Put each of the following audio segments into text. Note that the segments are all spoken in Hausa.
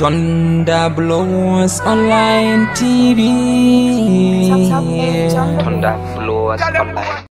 Thunder Blowers Online TV. Thunder Blowers Online.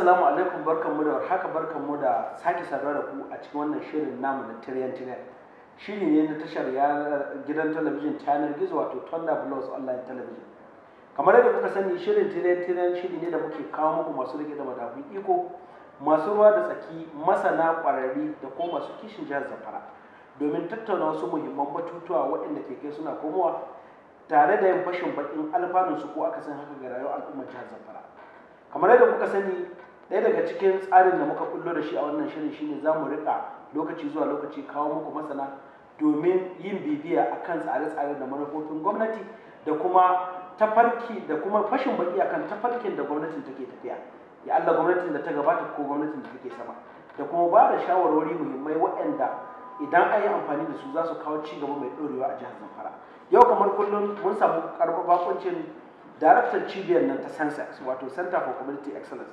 Assalamu alaikum barkanmu da warhaka mu da sake saduwa da ku a cikin wannan shirin namu na Tiryan Tiryan. Shiri ne na tashar gidan talabijin ta gizo wato Thunder Blows Online Television. Kamar yadda kuka sani shirin Tiryan Tiryan shiri ne da muke kawo muku masu rike da madafun iko, masu ruwa da tsaki, masana kwararri da ko masu kishin jihar Zamfara. Domin tattauna wasu muhimman batutuwa waɗanda ke kai suna komowa tare da yin fashin baƙin su ko aka san haka ga rayuwar al'ummar jihar Zamfara. kamar yadda kuka sani ɗaya daga cikin tsarin da muka kullo da shi a wannan shirin shine za mu rika lokaci zuwa lokaci kawo muku masana domin yin bibiya a kan tsare-tsare da manufofin gwamnati da kuma tafarki da kuma fashin baki akan tafarkin da gwamnatin take tafiya ya Allah gwamnatin da ta gabata ko gwamnatin da take sama da kuma ba da shawarwari muhimmai waɗanda idan an yi amfani da su za su kawo ci gaba mai ɗorewa a jihar Zamfara yau kamar kullum mun samu karɓar bakuncin daraktan cibiyar nan ta Sensex wato Center for Community Excellence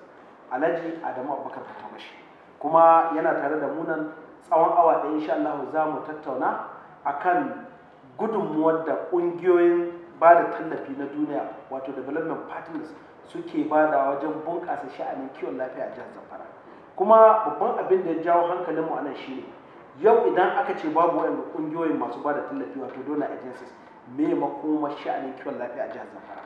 alhaji adamu abubakar fatamashi kuma yana tare da munan tsawon awa ɗaya insha Allah za mu tattauna kan gudunmuwar da ƙungiyoyin ba da tallafi na duniya wato development partners suke ba da wajen bunƙasa sha'anin kiwon lafiya a jihar zamfara kuma babban abin da ya jawo hankalinmu a nan shi ne, yau idan aka ce babu wa'in ƙungiyoyin masu ba da tallafi wato donor agencies me makoma sha'anin kiwon lafiya a jihar zamfara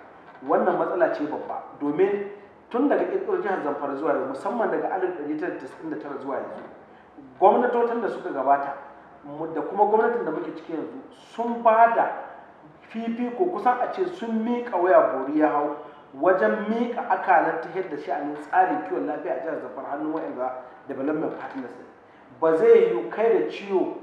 wannan matsala ce babba domin tun daga kirkiro jihar zamfara zuwa da musamman daga da tara zuwa yanzu gwamnatocin da suka gabata da kuma gwamnatin da muke ciki yanzu sun ba da ko kusan a ce sun miƙa waya bori ya hau wajen miƙa akalar ta yadda shi a tsarin kiwon lafiya a jihar zamfara hannun wa'anda development partners ba zai yi kai da ciwo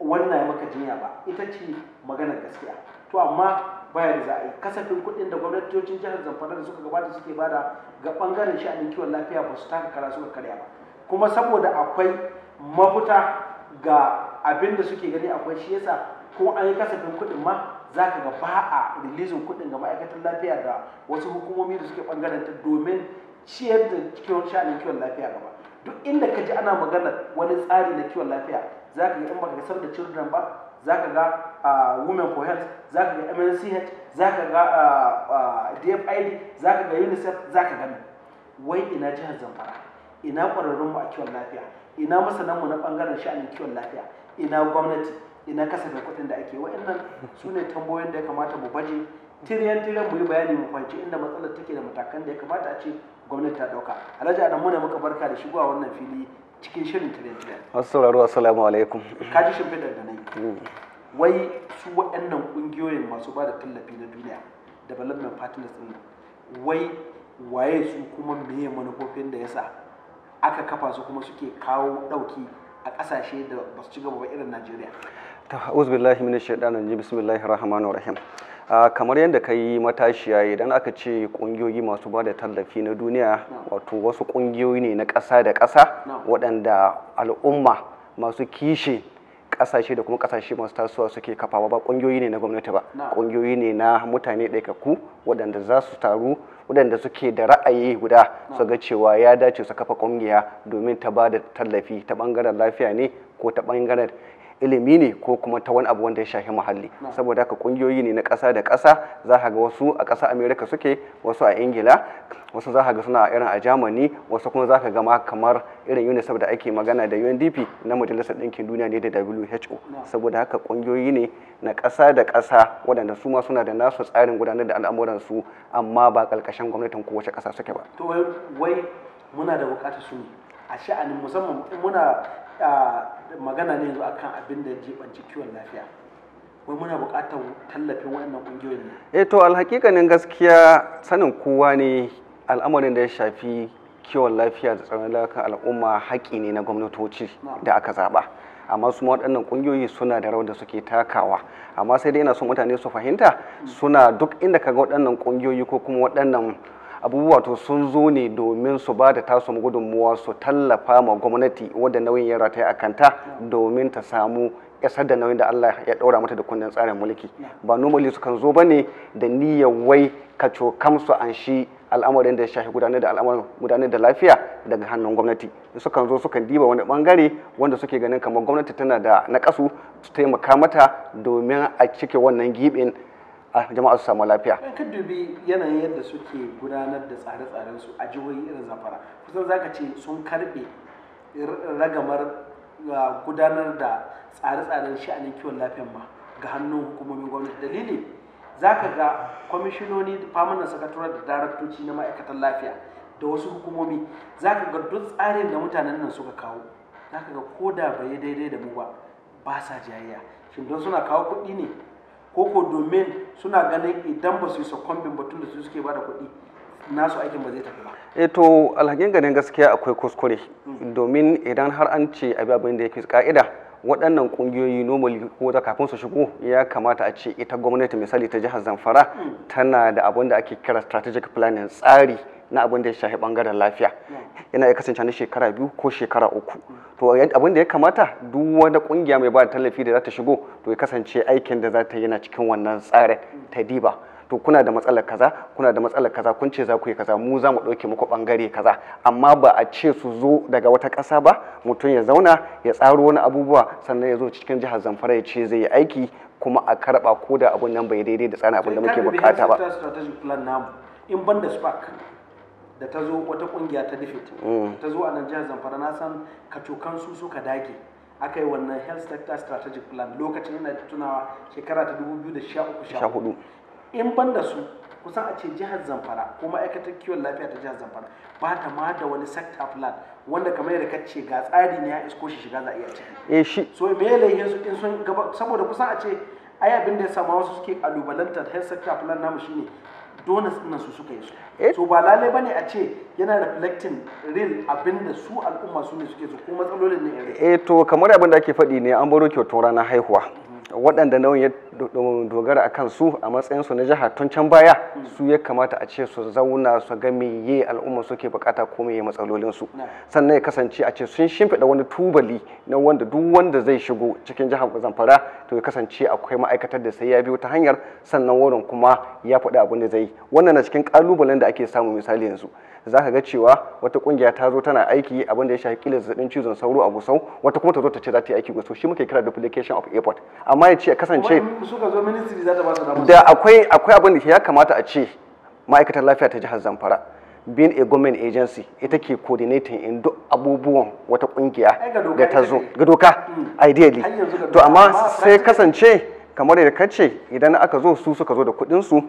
wannan ya maka jinya ba ita ce maganar gaskiya to amma bayan za a yi kasafin kuɗin da gwamnatocin jihar zamfara da suka gabata suke bada ga ɓangaren sha'anin kiwon lafiya ba su taka kara suka karya ba kuma saboda akwai mafuta ga abin da suke gani akwai shi yasa ko an yi kasafin kuɗin ma za ka ga ba a rilizin kuɗin ga ma'aikatar lafiya da wasu hukumomi da suke ɓangaren ta domin ciyar da kiwon sha'anin kiwon lafiya gaba duk inda ka ji ana magana wani tsari na kiwon lafiya za ka ga in baka gasar da children ba za ka ga women for health za ka ga mnch za ka ga dfid za ka ga unicef za ka gani wai ina jihar zamfara ina mu a kiwon lafiya ina masananmu na bangaren sha'anin kiwon lafiya ina gwamnati ina kasafin kuɗin da ake wa'annan su ne tambayoyin da ya kamata mu baje tiriyan tiriyan mu yi bayani mu kwanci inda matsalar take da matakan da ya kamata a ce gwamnati ta ɗauka alhaji adam muna muka barka da shigowa wannan fili cikin shirin tiriyan tiriyan assalamu alaikum ka ji shimfiɗar da na yi mm. wai su waɗannan ƙungiyoyin masu ba da tallafi na duniya development partners ɗin wai waye su kuma meye manufofin da yasa aka kafa su kuma suke kawo ɗauki a ƙasashe da ba su ci gaba ba irin najeriya ta'uz billahi minash bismillahir rahmanir rahim kamar yadda ka yi matashiya idan aka ce ƙungiyoyi masu ba da tallafi na duniya wato wasu ƙungiyoyi ne na ƙasa da ƙasa waɗanda al'umma masu kishi kasashe da kuma kasashe masu tasowa suke kafawa ba kungiyoyi ne na gwamnati ba kungiyoyi ne na mutane ɗaikaku waɗanda za su taru waɗanda suke da ra'ayi guda su ga cewa ya dace su kafa kungiya domin ta ba da tallafi ta ɓangaren lafiya ne ko ta ɓangaren ilimi ne ko kuma ta wani abu wanda ya shafi muhalli saboda haka kungiyoyi ne na ƙasa da ƙasa za ka ga wasu a ƙasa Amerika suke wasu a ingila wasu za ka ga suna irin a germany wasu kuma za ka ga ma kamar irin unicef da ake magana da undp na majalisar ɗinkin duniya ne da who saboda haka kungiyoyi ne na ƙasa da ƙasa waɗanda su ma suna da nasu tsarin gudanar da al'amuransu amma ba ƙarƙashin gwamnatin kowace ƙasa suke ba to wai muna da buƙatar su a sha'anin musamman muna magana ne yanzu akan abin da jibanci kiwon lafiya wai muna buƙatar tallafin waɗannan ƙungiyoyin ne eh to alhakikanin gaskiya sanin kowa ne al'amarin da ya shafi kiwon lafiya da tsaron lafiya al'umma haƙƙi ne na gwamnatoci da aka zaɓa amma su waɗannan ƙungiyoyi suna da rawar da suke takawa amma sai dai yana son mutane su fahimta mm. suna duk inda kaga waɗannan ƙungiyoyi ko kuma waɗannan abubuwa to sun zo ne domin su ba da tasu gudunmuwa su tallafa ma gwamnati wadda nauyin ya rataya a kanta domin ta samu isar da nauyin da Allah ya ɗaura mata da kundin tsarin mulki ba nomali su kan zo ba ne da niyyawai wai ka cokam su an shi al'amarin da ya shafi gudanar da al'amarin gudanar da lafiya daga hannun gwamnati sukan zo sukan diba wani bangare wanda suke ganin kamar gwamnati tana da nakasu su taimaka mata domin a cike wannan gibin a jama'a su samu lafiya ka dubi yanayin yadda suke gudanar da tsare-tsaren su a jihohi irin zamfara kusan zaka ce sun karbe ragamar ah, gudanar da tsare-tsaren sha'anin kiwon lafiyan ma ga hannun hukumomin gwamnati dalili zaka ga kwamishinoni da famunan sakatura da daraktoci na ma'aikatan lafiya da wasu hukumomi zaka ga duk tsarin da mutanen nan suka kawo zaka ga ko da bai daidai da mu ba ba sa jayayya shin don suna kawo kuɗi ne ko domin suna ganin idan ba su yi sukumbin batun da su suke bada kuɗi nasu aikin ba zai tafi ba. E to alhakin ganin gaskiya akwai kuskure mm. domin idan har an ce abi abin da yake ka'ida waɗannan ƙungiyoyi nomali ko ta kafin su shigo ya kamata a ce ita gwamnati misali ta jihar zamfara mm. tana da abin da ake kira strategic planning tsari na abin da ya shafi bangaren lafiya yana ya kasance na shekara biyu ko shekara uku to abin da ya kamata duk wani kungiya mai ba tallafi da za ta shigo to ya kasance aikin da za ta yi yana cikin wannan tsarin ta diba to kuna da matsalar kaza kuna da matsalar kaza kun ce za ku yi kaza mu za mu ɗauke muku bangare kaza amma ba a ce su zo daga wata kasa ba mutum ya zauna ya tsaro wani abubuwa sannan ya zo cikin jihar zamfara ya ce zai yi aiki kuma a karɓa ko da abun nan bai daidai da tsarin abin da muke bukata ba in ban da ta zo wata kungiya ta difit mm. ta zo a nan jihar zamfara na san kacokan su suka dage aka yi wannan health sector strategic plan lokacin yana tunawa shekara ta 2013 in ban da su kusan a ce jihar zamfara ko ma'aikatar kiwon lafiya ta jihar zamfara ba ta ma da wani sector plan wanda kamar yadda ka ce ga tsari ne ya isko shi shiga za a iya ciki eh, so me sun gaba saboda kusan a ce ai abin da ya samu wasu suke kalubalantar health sector plan namu shine donors ɗin su suka yi su eh? so ba lalai bane a ce yana reflecting real abin da su al'umma su ne suke su ko matsalolin ne eh to kamar abin da ake faɗi ne an baro kyauton ranar haihuwa mhm. waɗanda nauyin dogara a kan su a matsayinsu na jiha tun can baya mm. su ya kamata a ce su zauna su ga meye al'umma suke bukata ko meye matsalolin su sannan ya kasance a ce sun shimfiɗa wani tubali na wanda duk wanda zai shigo cikin jihar zamfara to ya kasance akwai ma'aikatar da sai ya biyo ta hanyar sannan wurin kuma ya faɗi abin da zai yi wannan na cikin ƙalubalen da ake samu misali yanzu za ka ga cewa wata kungiya ta zo tana aiki abinda ya shafi kila zazzabin cizon sauro a gusau wata kuma ta zo ta ce za ta yi aiki gusau shi muke kira duplication of airport amma ya ce kasance da akwai akwai abin da ya kamata a ce ma'aikatar lafiya ta jihar zamfara being a government agency ita ke coordinating in duk abubuwan wata kungiya da ta zo ga doka hmm. ideally to amma sai kasance kamar da kace idan aka zo su suka zo da kudin su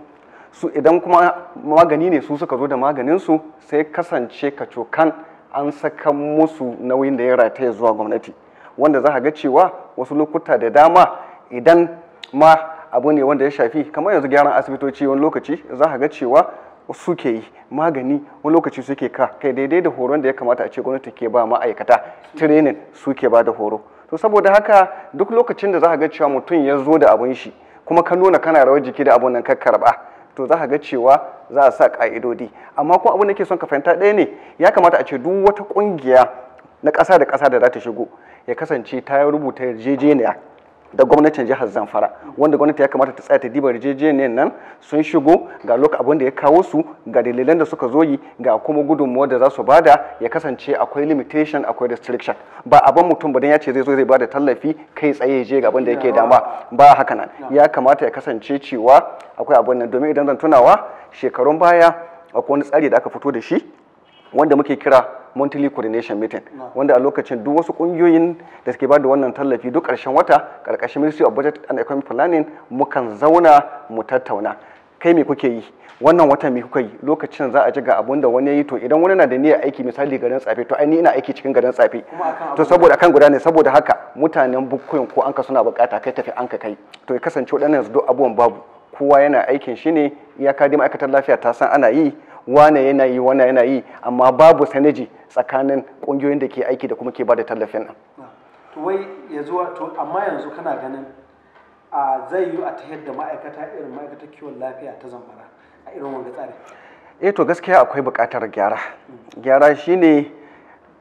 su idan kuma magani ne su suka zo da maganin su sai kasance ka cokan an saka musu nauyin da ya rataya zuwa gwamnati wanda za a ga cewa wasu lokuta da dama idan ma abu ne wanda ya shafi kamar yanzu gyaran asibitoci wani lokaci za a ga cewa suke yi magani wani lokaci suke ka kai daidai da horon da ya kamata a ce gwamnati ke ba ma'aikata training suke ba da horo to saboda haka duk lokacin da za a ga cewa mutum ya zo da abun shi kuma ka nuna kana rawar jiki da abun nan ka karba to za ka ga cewa za a sa ƙa'idodi amma kuma abin da ke son ka fahimta ɗaya ne ya kamata a ce duk wata ƙungiya na ƙasa da ƙasa da za ta shigo ya kasance ta rubuta yarjejeniya da gwamnatin jihar zamfara wanda gwamnati ya kamata ta tsaya ta diba yarjejeniyar nan sun shigo ga lokacin abin da ya kawo su ga dalilan da suka zo yi ga kuma gudunmuwa da za su bada ya kasance akwai limitation akwai restriction ba abin mutum ba dan ya ce zai zo zai bada tallafi kai tsaye je ga abin da yake dama ba haka nan ya kamata ya kasance cewa akwai abin nan domin idan zan tunawa shekarun baya akwai wani tsari da aka fito da shi wanda muke kira monthly coordination meeting wanda a lokacin duk wasu kungiyoyin da suke ba da wannan tallafi duk ƙarshen wata ƙarƙashin ministry of budget and economic planning mukan zauna mu tattauna kai me kuke yi wannan wata me kuka yi lokacin za a ji ga abun da wani ya yi to idan wani na da niyyar aiki misali garin tsafe to ai ni ina aiki cikin garin tsafe to saboda akan guda ne saboda haka mutanen bukkoyin ko anka suna bukata kai tafi anka kai to ya kasance waɗannan yanzu duk abubuwan babu kowa yana aikin shi ne iyaka dai ma'aikatar lafiya ta san ana yi wane yana yi wane yana yi amma babu sanaji tsakanin ƙungiyoyin da ke aiki da kuma ke bada tallafin nan to wai ya zuwa to amma yanzu kana ganin a zai yi a ta yadda ma'aikata irin ma'aikatar kiwon lafiya ta zamfara a irin wanga tsari eh to gaskiya akwai buƙatar gyara gyara shine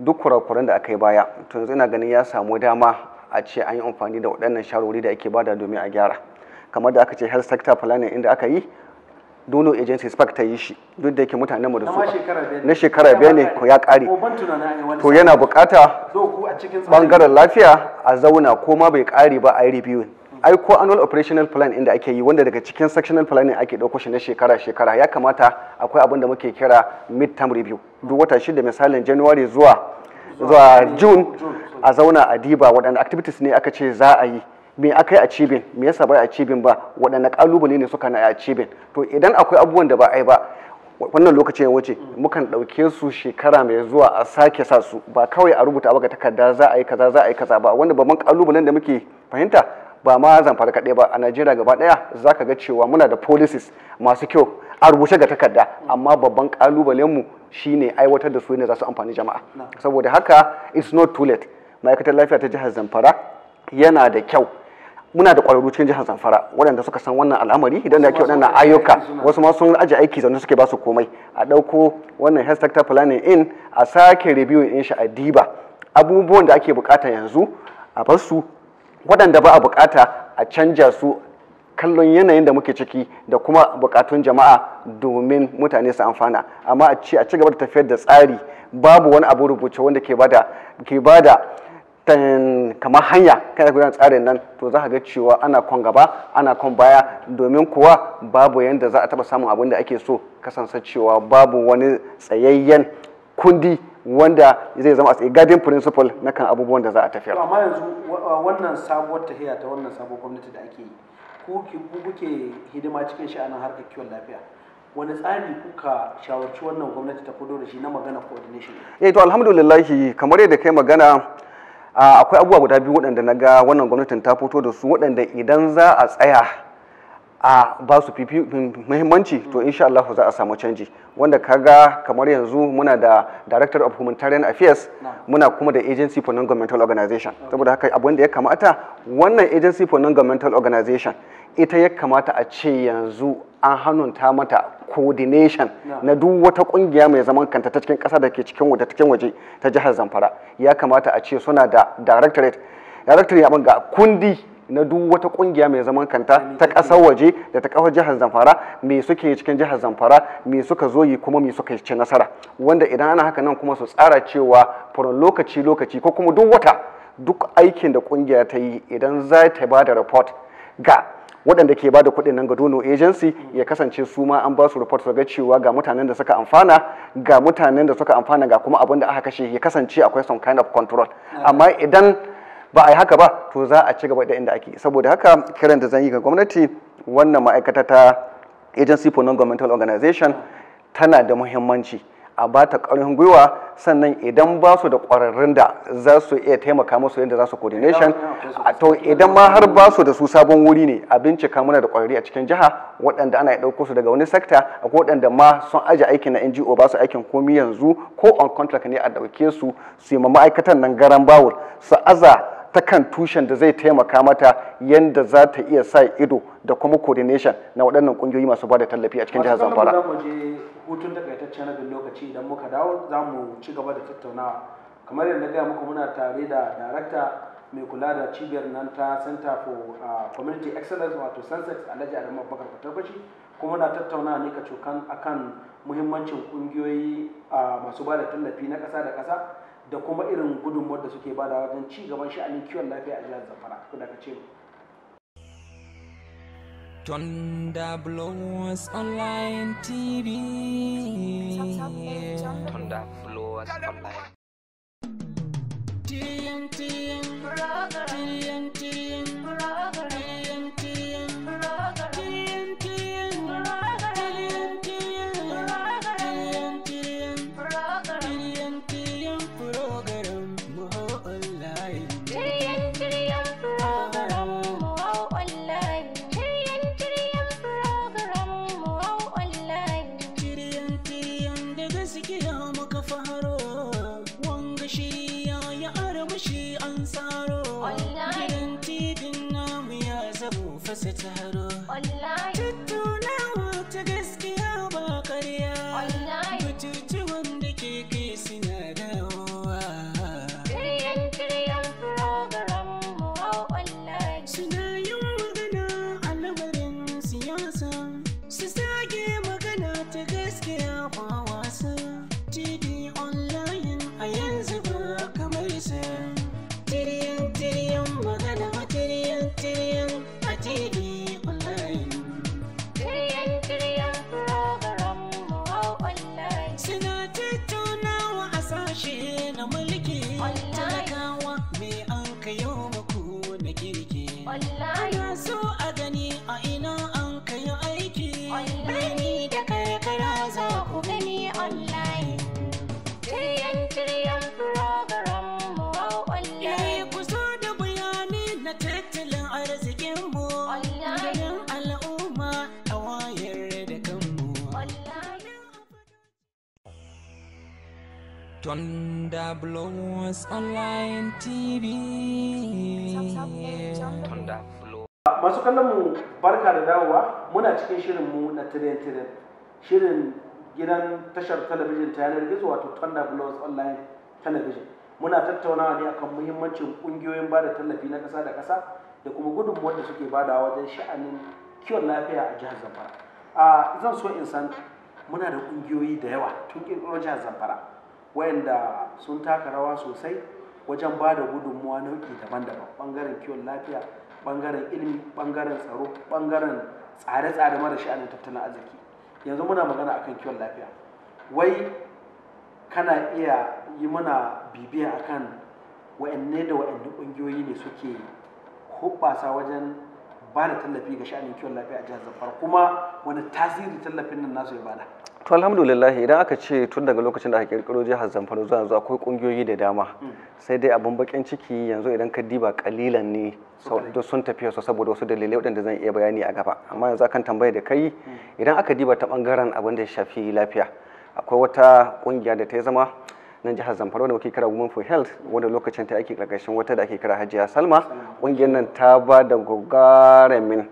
duk kurakuran da aka yi baya to yanzu ina ganin ya samu dama a ce an yi amfani da waɗannan sharori da ake bada domin a gyara kamar da aka ce health sector planning inda aka yi duno agency spark ta yi shi duk da yake mutane mu da su na shekara biyar ne ko ya kare to yana bukata bangaren lafiya a zauna ko ma bai kare ba a yi reviewing hmm. ai ko annual operational plan inda ake yi wanda daga cikin sectional planning ake dauko shi na shekara-shekara ya kamata akwai abin da muke kira mid-term review duk wata shida misalin january zuwa zuwa june a zauna a diba waɗanda activities ne aka ce za a yi me aka yi a cibin me yasa ba a cibin ba waɗanne ƙalubale ne suka na a cibin to idan akwai abubuwan da ba a yi ba wannan lokacin ya wuce mukan ɗauke su shekara mai zuwa a sake sa su ba kawai a rubuta ba ga takarda za a yi kaza za a yi kaza ba wanda babban kalubalen da muke fahimta ba ma zamfara kaɗai ba a najeriya gaba ɗaya za ka ga cewa muna da policies masu kyau a rubuce ga takarda amma babban ƙalubalenmu shine aiwatar da su ne za su amfani jama'a saboda haka it's not too late ma'aikatar lafiya ta jihar zamfara yana da kyau muna da ƙwararru cikin jihar zamfara waɗanda suka san wannan al'amari idan da ake waɗannan ayyuka wasu ma sun aje aiki zaune suke ba su komai a ɗauko wannan health sector planning in a sake review in shi a diba abubuwan da ake bukata yanzu a bar su waɗanda ba a bukata a canja su kallon yanayin da muke ciki da kuma bukatun jama'a domin mutane su amfana amma a ci a ci gaba da tafiyar da tsari babu wani abu rubuce wanda ke bada ke bada kamar hanya kada ku tsarin nan to za ka ga cewa ana kon gaba ana kon baya domin kuwa babu yadda za a taba samun abin da ake so kasance cewa babu wani tsayayyen kundi wanda zai zama a tsaye guiding principle na kan abubuwan da za a tafiya. amma yanzu wannan sabuwar tahiya ta wannan sabuwar gwamnati da ake yi ko kuke hidima cikin shi sha'anin harkar kiwon lafiya wani tsari kuka shawarci wannan gwamnati ta kudo da shi na magana coordination eh to alhamdulillah kamar yadda kai magana akwai abubuwa guda biyu waɗanda na ga wannan gwamnatin ta fito da su waɗanda idan za a tsaya a ba su muhimmanci to insha Allah za a samu canji wanda kaga kamar yanzu muna da director of humanitarian affairs muna kuma da agency for non-governmental organization saboda haka abin da ya kamata wannan agency for non-governmental organization ita ya kamata a ce yanzu an hannunta mata coordination na duk wata kungiya mai zaman kanta ta cikin kasa da ke cikin waje cikin waje ta jihar Zamfara ya kamata a ce suna da directorate directorate abin ga kundi na duk wata kungiya mai zaman kanta ta ƙasar waje da ta ƙasar jihar zamfara mai suke cikin jihar zamfara mai suka zo yi kuma me suka ci nasara wanda idan ana haka nan kuma su tsara cewa furan lokaci lokaci ko kuma duk wata duk aikin da kungiya ta yi idan za ta ba da report ga waɗanda ke bada kuɗin nan ga dono agency ya kasance su ma an ba su report ga cewa ga mutanen da suka amfana ga mutanen da suka amfana ga kuma abin da aka kashe ya kasance akwai some kind of control amma idan ba a yi haka ba to za a ci gaba da inda ake saboda haka kiran da zan yi ga gwamnati wannan ma'aikata ta agency for non-governmental organization tana da muhimmanci a ba ta ƙarfin gwiwa sannan idan ba su da ƙwararrun da za su iya taimaka musu yadda za su coordination to idan ma har ba su da su sabon wuri ne a bincika muna da ƙwararri a cikin jiha waɗanda ana ɗauko su daga wani sekta a waɗanda ma sun aje aikin na NGO ba su aikin komi yanzu ko on contract ne a ɗauke su su yi ma ma'aikatan nan garan bawul su aza ta kan tushen da zai taimaka mata yadda za ta iya sa ido da kuma coordination na waɗannan ƙungiyoyi masu ba da tallafi a cikin jihar Zamfara. Za mu je hutun takaitaccen rabin lokaci idan muka dawo za mu ci gaba da tattaunawa. Kamar yadda gaya muku muna tare da darakta mai kula da cibiyar nan ta center for community excellence wato sensex alhaji adamu abubakar fatarbaci kuma muna tattaunawa ne ka cokan akan muhimmancin kungiyoyi masu ba da tallafi na ƙasa da ƙasa da kuma irin gudunmuwar da suke bada wajen ci gaban sha'anin kiwon lafiya a jihar zamfara da ka ce mu Online TV. Tonda Blowers Online. TNT. TNT. wallahi so a gani a ina an kai aiki wallahi Thunder Blows Online TV. Thunder Masu kallon mu barka da dawowa muna cikin shirin mu na tiren tiren shirin gidan tashar talabijin ta yanar gizo wato Thunder Blows Online Television. Muna tattaunawa ne akan muhimmancin kungiyoyin bada tallafi na kasa da kasa, da kuma gudunmuwar da suke bada wajen sha'anin kiwon lafiya a jihar Zamfara. A ah, zan so in san muna da kungiyoyi da yawa tun ƙirƙiro jihar Zamfara. wayanda sun taka rawa sosai wajen ba da gudunmuwa nau'i daban-daban bangaren kiwon lafiya ɓangaren ilimi bangaren tsaro bangaren tsare-tsare mara sha'anin tattalin arziki yanzu muna magana akan kiwon lafiya wai kana iya yi mana bibiya akan wa'anne da wa'anne ƙungiyoyi ne suke hubbasa wajen ba da tallafi ga sha'anin kiwon lafiya a jihar zafar kuma wani tasiri tallafin nan nasu ya bada to alhamdulillah idan aka ce tun daga lokacin da aka kirkiro jihar zamfara zuwa yanzu akwai kungiyoyi da dama sai dai abun bakin ciki yanzu idan ka diba kalilan ne da sun tafiya su saboda wasu dalilai waɗanda zan iya bayani a gaba amma yanzu akan tambaya da kai idan aka diba ta bangaren abin da ya shafi lafiya akwai wata kungiya da ta zama na jihar zamfara wanda muke kira women for health wanda lokacin ta ake karkashin wata da ake kira hajiya salma kungiyar nan ta ba da gagarumin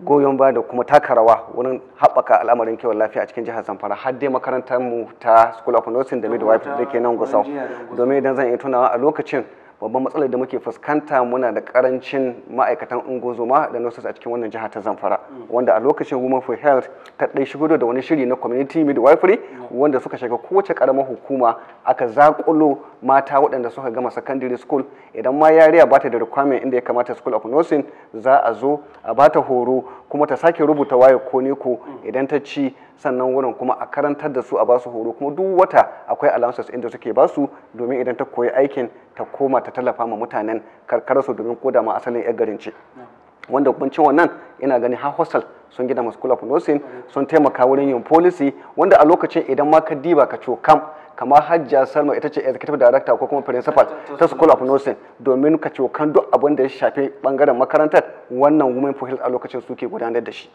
goyon ba da kuma taka rawa wurin haɓaka al'amarin kiwon lafiya a cikin jihar zamfara har dai makarantar mu ta school of nursing da midwife da ke nan gusau domin idan zan iya tunawa a lokacin babban matsalar da muke fuskanta muna da karancin ma'aikatan ungozoma da nurses a cikin wannan jihar ta zamfara wanda a lokacin women for health ta ɗai shigo da wani shiri na community midwifery wanda suka shiga kowace karamar hukuma aka zakulo mata waɗanda suka gama secondary school idan ma yariya bata da requirement inda ya kamata school of nursing za a zo a ba ta horo kuma ta sake rubuta waya ko ne ko idan ta ci sannan wurin kuma a karantar da su a basu horo kuma duk wata akwai allowances inda suke basu domin idan ta koyi aikin ta koma ta tallafa ma mutanen karkararsu domin koda ma asalin yar garin ce wanda kuma cewa nan ina gani har hostel sun gina school of nursing sun taimaka wurin yin policy wanda a lokacin idan ma ka diba ka cokam kamar hajjia salma ita ce executive director ko kuma principal ta school of nursing domin ka cokan duk abin da ya shafi bangaren makarantar wannan women for health a lokacin suke gudanar da shi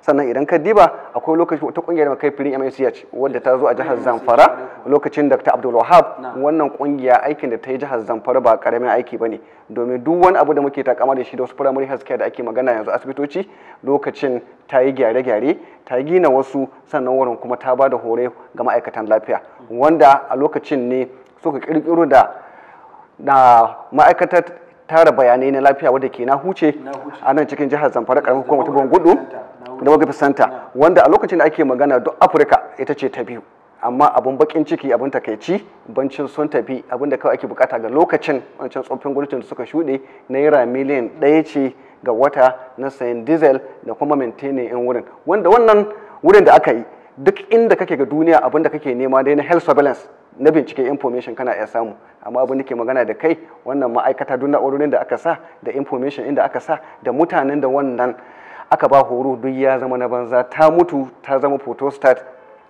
sannan idan ka diba akwai lokaci wata kungiyar kai filin MACH wadda ta zo a jihar Zamfara lokacin Dr. Abdul Wahab wannan kungiya aikin da ta yi jihar Zamfara ba karamin aiki bane domin duk wani abu da muke takama da shi da wasu primary health care da ake magana yanzu asibitoci lokacin ta yi gyare-gyare ta gina wasu sannan wurin kuma ta ba da hore ga ma'aikatan lafiya wanda a lokacin ne suka kirkiro da da ma'aikatar tara bayanai na lafiya wadda ke na huce a nan cikin jihar zamfara karamin hukumar ta gudu. da muka wanda a lokacin da ake magana duk afirka ita ce ta biyu amma abun bakin ciki abun takaici bancin sun tafi abin da kawai ake bukata ga lokacin wancan tsoffin gwamnatin da suka shuɗe naira miliyan ɗaya ce ga wata na sayan diesel da kuma maintainin yan wurin wanda wannan wurin da aka yi duk inda kake ga duniya abin da kake nema dai na health surveillance na bincike information kana iya samu amma abin da ke magana da kai wannan ma'aikata duk na'urorin da aka sa da information inda aka sa da mutanen da wannan aka ba horo duk ya zama na banza ta mutu ta zama photostat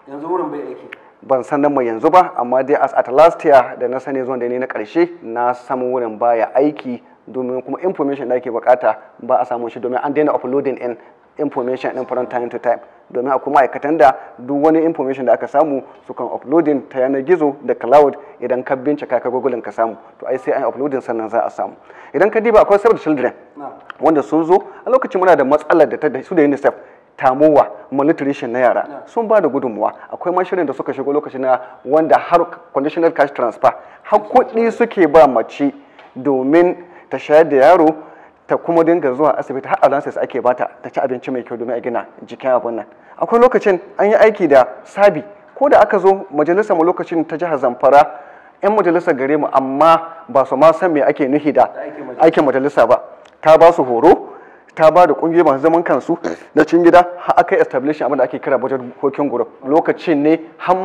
yanzu wurin bai aiki ban san nan mai yanzu ba amma dai as at last year da na sani zuwan da ne na karshe na samu wurin baya aiki domin kuma information da ake bukata ba a samu shi domin an daina uploading in information din from time to time domin akwai ma'aikatan da duk wani information da aka samu su kan uploading ta yanar gizo da cloud idan ka bincika ka google ka samu to ai sai an uploading sannan za a samu idan ka diba akwai several children wanda sun zo a lokacin muna da matsalar da ta su da UNICEF tamowa malnutrition na yara sun ba da gudunmuwa akwai mashirin da suka shigo lokacin na wanda har conditional cash transfer har kuɗi suke ba mace domin ta shayar da yaro ta kuma dinga zuwa asibiti har allowances ake bata ta ci abinci mai kyau domin a gina jikin abun nan akwai lokacin an yi aiki da sabi ko da aka zo majalisar mu lokacin ta jihar zamfara yan majalisa gare mu amma ba su ma san me ake nuhi da aikin majalisa ba ta ba su horo ta ba da kungiyoyi masu zaman kansu na cikin gida har aka yi establishing abin da ake kira budget working group lokacin ne har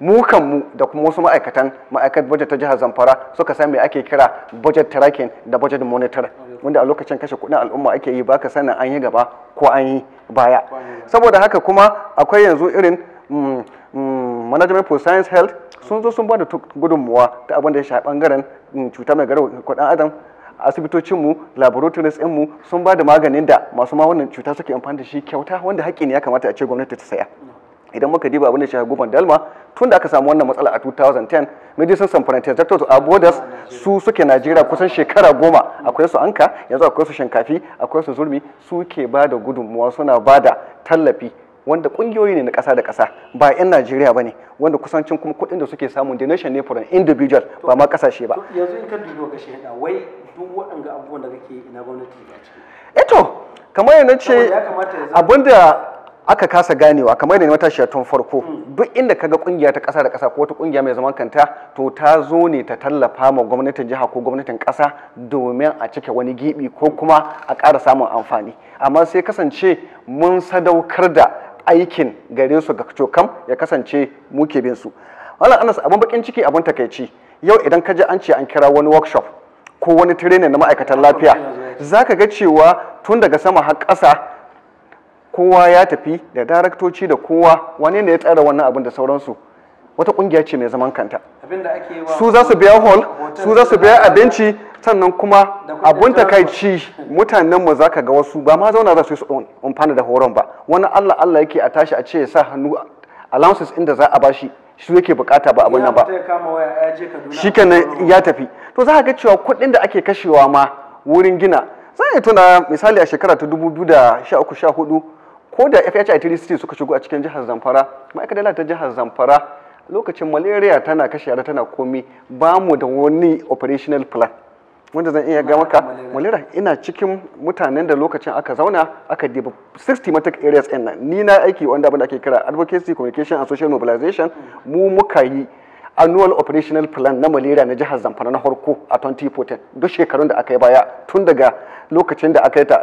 mu kanmu da kuma wasu ma'aikatan ma'aikatar budget ta jihar zamfara suka san me ake kira budget tracking da budget monitor wanda a lokacin kashe kudin al'umma ake yi baka sanin an yi gaba ko an yi baya saboda haka kuma akwai yanzu irin mm, mm, management for science health sun zo sun ba da gudunmuwa ta abin da ya shafi bangaren mm, cuta mai garo kudin adam asibitocinmu laboratories mu sun ba da maganin da masu ma wannan cuta suke amfani da shi kyauta wanda haƙƙi ne ya kamata a ce gwamnati ta saya idan muka diba abin da shi guban dalma tun da aka samu wannan matsala a 2010 medicine san frontier doctors a borders su suke najeriya kusan shekara goma akwai su anka yanzu akwai su shinkafi akwai su zurmi suke ba da gudunmuwa suna ba da tallafi wanda kungiyoyi ne na ƙasa da ƙasa ba 'yan najeriya ba ne wanda kusancin kuma kuɗin da suke samun donation ne for an individual ba ma kasashe ba yanzu in ka dubi ga shahada wai duk waɗanda abubuwan da kake ina gwamnati ba ciki eto eh kamar yana ce abinda aka kasa ganewa kamar da matashiya tun farko duk inda kaga kungiya ta kasa da kasa ko wata kungiya mai zaman kanta to ta zo ne ta tallafa ma gwamnatin jiha ko gwamnatin kasa domin a cike wani gibi ko kuma a ƙara samun amfani amma sai kasance mun sadaukar da aikin gare su ga cokam ya kasance muke bin su wannan anas abin bakin ciki abin takaici yau idan kaje an ce an kira wani workshop ko wani training na ma'aikatan lafiya zaka ga cewa tun daga sama har ƙasa kowa ya tafi da daraktoci da kowa wani ne ya tsara wannan abin da sauransu wata kungiya ce mai zaman kanta su za su biya hall su za su biya abinci sannan kuma abun takaici mutanen mu zaka ga wasu ba ma zauna za su yi amfani da horon ba wani Allah Allah yake a tashi a ce ya sa hannu allowances inda za a bashi shi yake bukata ba abin nan ba shi kenan ya tafi to za a ga cewa kuɗin da ake kashewa ma wurin gina za a tuna misali a shekara ta 2013 14 ko da FHI 360 suka shigo a cikin jihar Zamfara ma'aikatar ta jihar Zamfara lokacin malaria tana kashe yara tana komi ba mu da wani operational plan wanda zan iya ga maka malaria ina cikin mutanen da lokacin aka zauna aka diba 6 thematic areas ɗin nan ni na aiki wanda abin da ake kira advocacy communication and social mobilization mu muka yi annual operational plan na malaria na jihar zamfara na harko a 2014 duk shekarun da aka yi baya tun daga lokacin da aka yi ta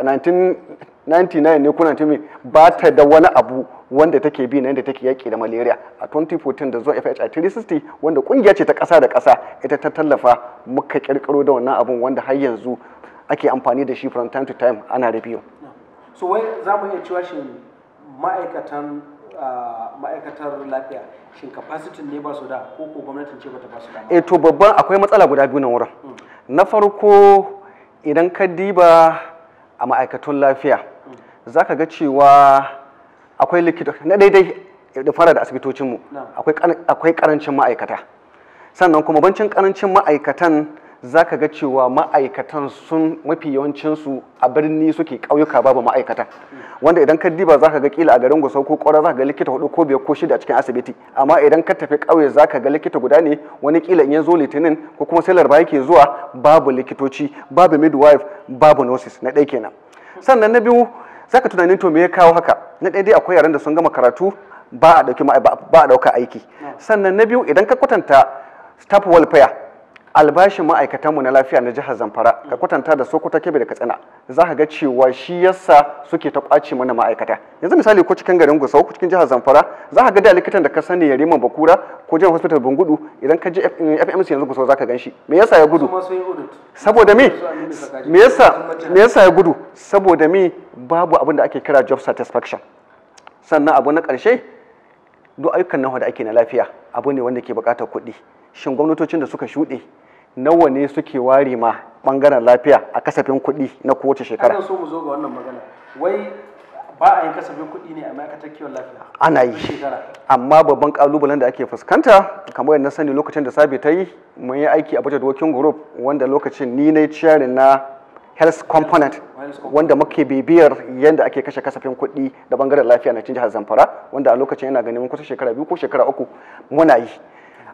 99 ne kuna tumi ba ta da wani abu wanda take bi na da take yaƙi da malaria a 2014 da zuwa FHI 360 wanda kungiya ce ta ƙasa da ƙasa ita ta tallafa muka ƙirƙiro da wannan abun wanda har yanzu ake amfani da shi from time to time ana review so wai za mu iya cewa shi ma'aikatan ah, ma'aikatar lafiya shin capacity ne ba su da ko ko gwamnatin ce bata ba su da eh to babban akwai matsala guda biyu na wurin hmm. na farko idan ka diba a ma'aikatun lafiya za ka ga cewa akwai likita na daidai da fara da asibitocinmu akwai karancin ma'aikata sannan kuma bancin karancin ma'aikatan za ka ga cewa ma'aikatan sun mafi yawancinsu a birni suke ƙauyuka babu ma'aikata wanda idan ka diba za ka ga kila a garin gusau ko ƙwara za ka ga likita hudu ko biyar ko shida a cikin asibiti amma idan ka tafi ƙauye za ka ga likita guda ne wani kila in ya zo litinin ko kuma sai laraba yake zuwa babu likitoci babu midwife babu nurses na ɗaya kenan sannan na biyu zaka tunanin to me ya kawo haka na ɗaya dai akwai yaran da sun gama karatu ba a dauki ba a dauka aiki sannan na biyu idan ka kwatanta staff welfare albashin ma'aikatanmu na lafiya na jihar zamfara ka kwatanta da sokoto kebe da katsina za ka ga cewa shi yasa suke ta kwace mana ma'aikata yanzu misali ko cikin garin gusau ko cikin jihar zamfara za ka ga da likitan da ka sani ya rima bakura ko jihar hospital bungudu idan ka je fmc eh, yanzu gusau za ka gan shi me yasa ya gudu saboda me me yasa me yasa ya gudu saboda me babu abin da ake kira job satisfaction sannan abu na ƙarshe duk ayyukan nawa da ake na lafiya abu ne wanda ke buƙatar kuɗi shin gwamnatocin da suka shuɗe nawa ne suke ware ma bangaren lafiya a kasafin kuɗi na kowace shekara. Ana so mu zo ga wannan magana. Wai ba a yin kasafin kuɗi ne a ma'aikatar kiwon lafiya. Ana yi. Amma babban kalubalen da ake fuskanta kamar yadda sani lokacin da sabi ta yi mun yi aiki a budget working group wanda lokacin ni na ciyarin na health component wanda muke bibiyar yadda ake kashe kasafin kuɗi da bangaren lafiya na cikin jihar Zamfara wanda a lokacin yana ganin kusa shekara biyu ko shekara uku muna yi.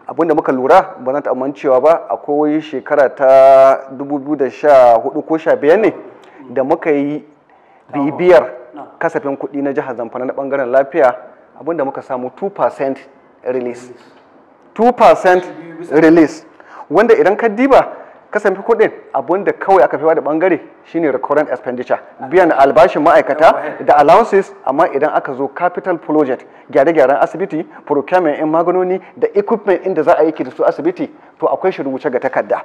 abin da muka lura ba zan taɓa cewa ba akwai shekara ta 2014 ko 15 ne da muka yi bibiyar kasafin kuɗi na jihar zamfara na bangaren lafiya abin da muka samu 2% release 2% release wanda idan ka diba kasance kuɗin abun da kawai aka fi da bangare shine recurrent expenditure biyan albashin ma'aikata da allowances amma idan aka zo capital project gyare-gyaren asibiti procurement in maganoni da equipment inda za a yi da su asibiti to akwai shi rubuce ga takarda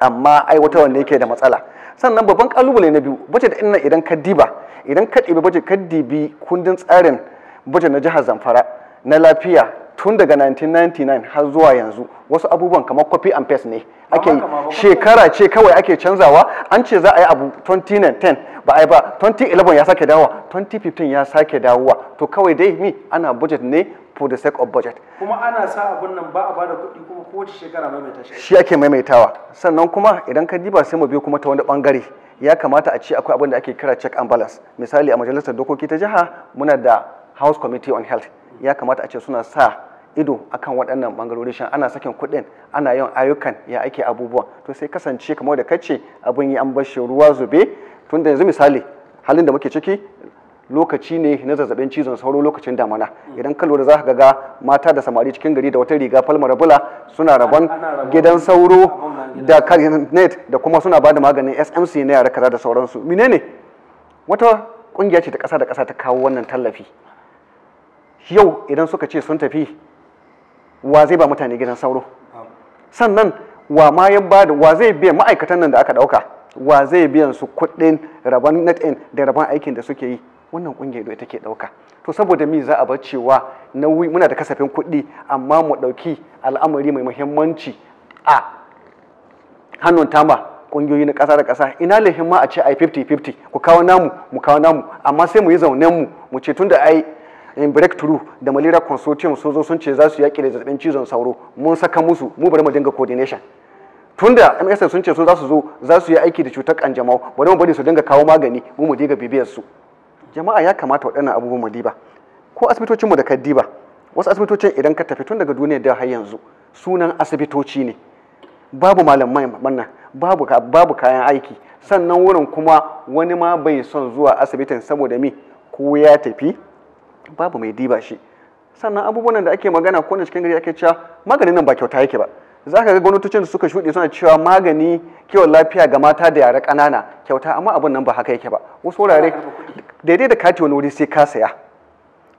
amma wata wanda yake da matsala sannan babban kalubale na biyu budget din nan idan ka diba idan ka dibi budget ka dibi kundin tsarin budget na jihar Zamfara na lafiya tun daga 1999 har zuwa yanzu wasu abubuwan kamar copy and paste ne ake yi shekara ce kawai ake canzawa an ce za a yi abu 2010 ba a yi ba 2011 ya sake dawowa 2015 ya sake dawowa to kawai dai mi ana budget ne for the sake of budget kuma ana sa abun nan ba a ba da kuɗi kuma kowace shekara maimaita shi shi ake maimaitawa sannan kuma idan ka diba sai mu biyo kuma ta wani bangare ya kamata a ce akwai abin da ake kira check and balance misali a majalisar dokoki ta jiha muna da house committee on health ya kamata a ce suna sa ido akan waɗannan bangarori shan ana sakin kuɗin ana yawan ayyukan ya ake abubuwa to sai kasance kamar da kace abin yi an bashi ruwa zube tun da yanzu misali halin da muke ciki lokaci ne na zazzabin cizon sauro lokacin damana mm. idan ka lura za ka ga mata da samari cikin gari da wata riga falmar bula suna rabon gidan sauro da net da kuma suna ba da maganin smc na yara kaza da sauransu menene wata kungiya ce ta kasa da kasa ta kawo wannan tallafi yau idan suka ce sun tafi wa zai ba mutane gidan sauro sannan wa ma ya ba da wa zai biya ma'aikatan nan da aka dauka wa zai biyan su kuɗin rabon net in da rabon aikin da suke yi wannan kungiyar ita ke dauka to saboda mi za a bar cewa nauyi muna da kasafin kuɗi amma mu dauki al'amari mai muhimmanci a hannun tama kungiyoyi na ƙasa da kasa ina lahimma a ce ai 50-50 ku kawo namu mu kawo namu amma sai mu yi zaunen mu mu ce tun ai in breakthrough da malaria consortium sun zo sun ce za su yaƙi da zazzabin cizon sauro mun saka musu mu bari mu dinga coordination tunda MSF sun ce sun za su zo za su yi aiki da cutar kanjamau bari mu bari su dinga kawo magani mu mu diga bibiyar su jama'a ya kamata waɗannan abubuwan mu diba ko asibitocin mu da ka diba wasu asibitocin idan ka tafi tun daga duniyar da har yanzu sunan asibitoci ne babu malamai manna babu babu kayan aiki sannan wurin kuma wani ma bai son zuwa asibitin saboda mi ko ya tafi babu mai diba shi sannan abubuwan da ake magana ko cikin gari ake cewa maganin nan ba kyauta yake ba za ka ga gwamnatocin da suka shuɗe suna cewa magani kiwon lafiya ga mata da yara ƙanana kyauta amma abun nan ba haka yake ba wasu wurare daidai da kati wani wuri sai ka saya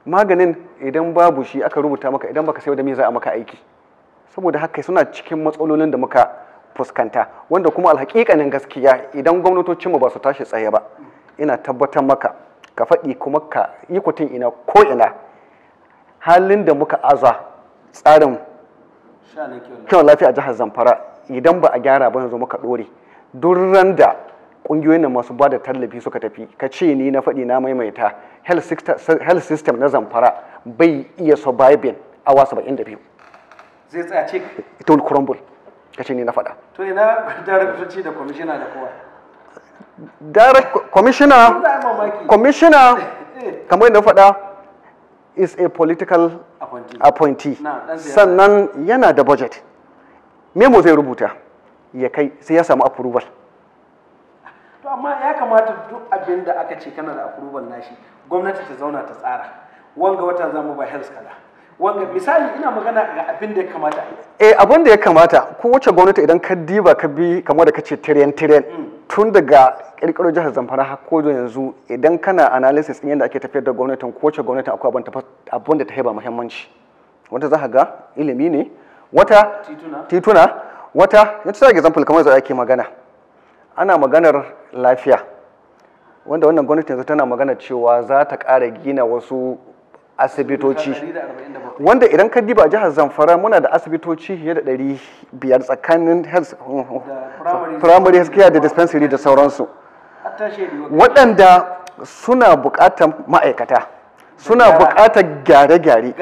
maganin idan babu shi aka rubuta maka idan baka sayo da me za a maka aiki saboda haka suna cikin matsalolin da muka fuskanta wanda kuma alhaƙiƙanin gaskiya idan gwamnatocinmu ba su tashi tsaye ba ina tabbatar maka ka faɗi kuma ka yi kutun ina ko ina halin da muka aza tsarin kyau lafiya a jihar zamfara idan ba a gyara ba yanzu muka ɗore durran da ƙungiyoyin nan masu ba da tallafi suka tafi ka ce ni na faɗi na maimaita health system na zamfara bai iya surviving awa biyu. zai tsaya ce wani crumble ka ce ni na faɗa to ina da rubuci da kwamishina da kowa direct commissioner commissioner eh, eh. kamar yadda faɗa is a political appointee sannan yana da budget memo zai rubuta ya kai sai ya samu approval to amma ya kamata duk abin da aka ce kana da approval nashi gwamnati ta zauna ta tsara wanga wata zamu ba health kala wanga misali ina magana ga abin da ya kamata eh abin da ya kamata kowace gwamnati idan ka diba ka bi kamar da kace tiryan tiryan mm. tun daga kirkiro jihar zamfara har kodo yanzu idan kana analysis din yadda ake tafiyar da gwamnatin kowace gwamnati akwai abin da ta haiba muhimmanci wata za ka ga ilimi ne wata tituna wata yanzu ta example kamar yadda ake magana ana maganar lafiya wanda wannan gwamnati yanzu tana magana cewa za ta ƙara gina wasu asibitoci wanda idan ka diba jihar zamfara muna da asibitoci fiye da ɗari biyar tsakanin primary health care da dispensary da sauransu waɗanda suna buƙatar ma'aikata suna buƙatar gyare-gyare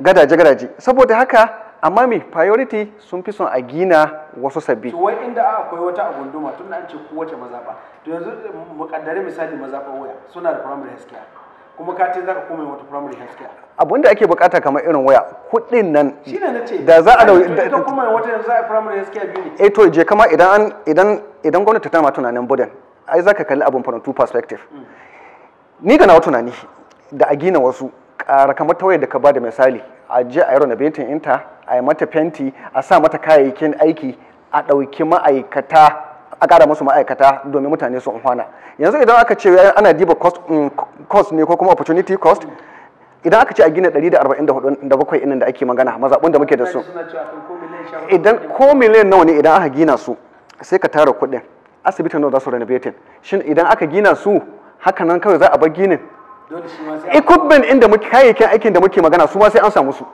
gadaje-gadaje saboda haka amma mai priority sun fi son a gina wasu sabbi. wai inda akwai wata a gunduma tun an ce kowace mazaɓa to yanzu mukaddare misali mazaɓa waya suna da primary health care kuma ka ce ka koma wata primary health care abin da ake bukata kamar irin waya kudin nan da za a dauki da kuma wata yanzu a primary health care biyu ne eh to je kama idan idan idan gwamnati ta ma tunanin budget ai zaka kalli abin from two perspective mm. ni ga nawa tunani da a gina wasu ƙara kamar ta wayar da ka bada misali a je a yi renovating inta a yi mata fenti a sa mata kayayyakin aiki a ɗauki ma'aikata a ƙara musu ma'aikata domin mutane su kwana yanzu idan aka ce ana diba mm, cost ne ko kuma opportunity cost idan aka ce a gina 147 inin da ake magana mazaɓun da muke da su idan ko miliyan nawa ne idan aka gina su sai ka tara kuɗin asibitin nawa za su renovating shin idan aka gina su haka nan kawai za a bar ginin equipment inda muke kayayyakin aikin da muke magana su ma sai an samu su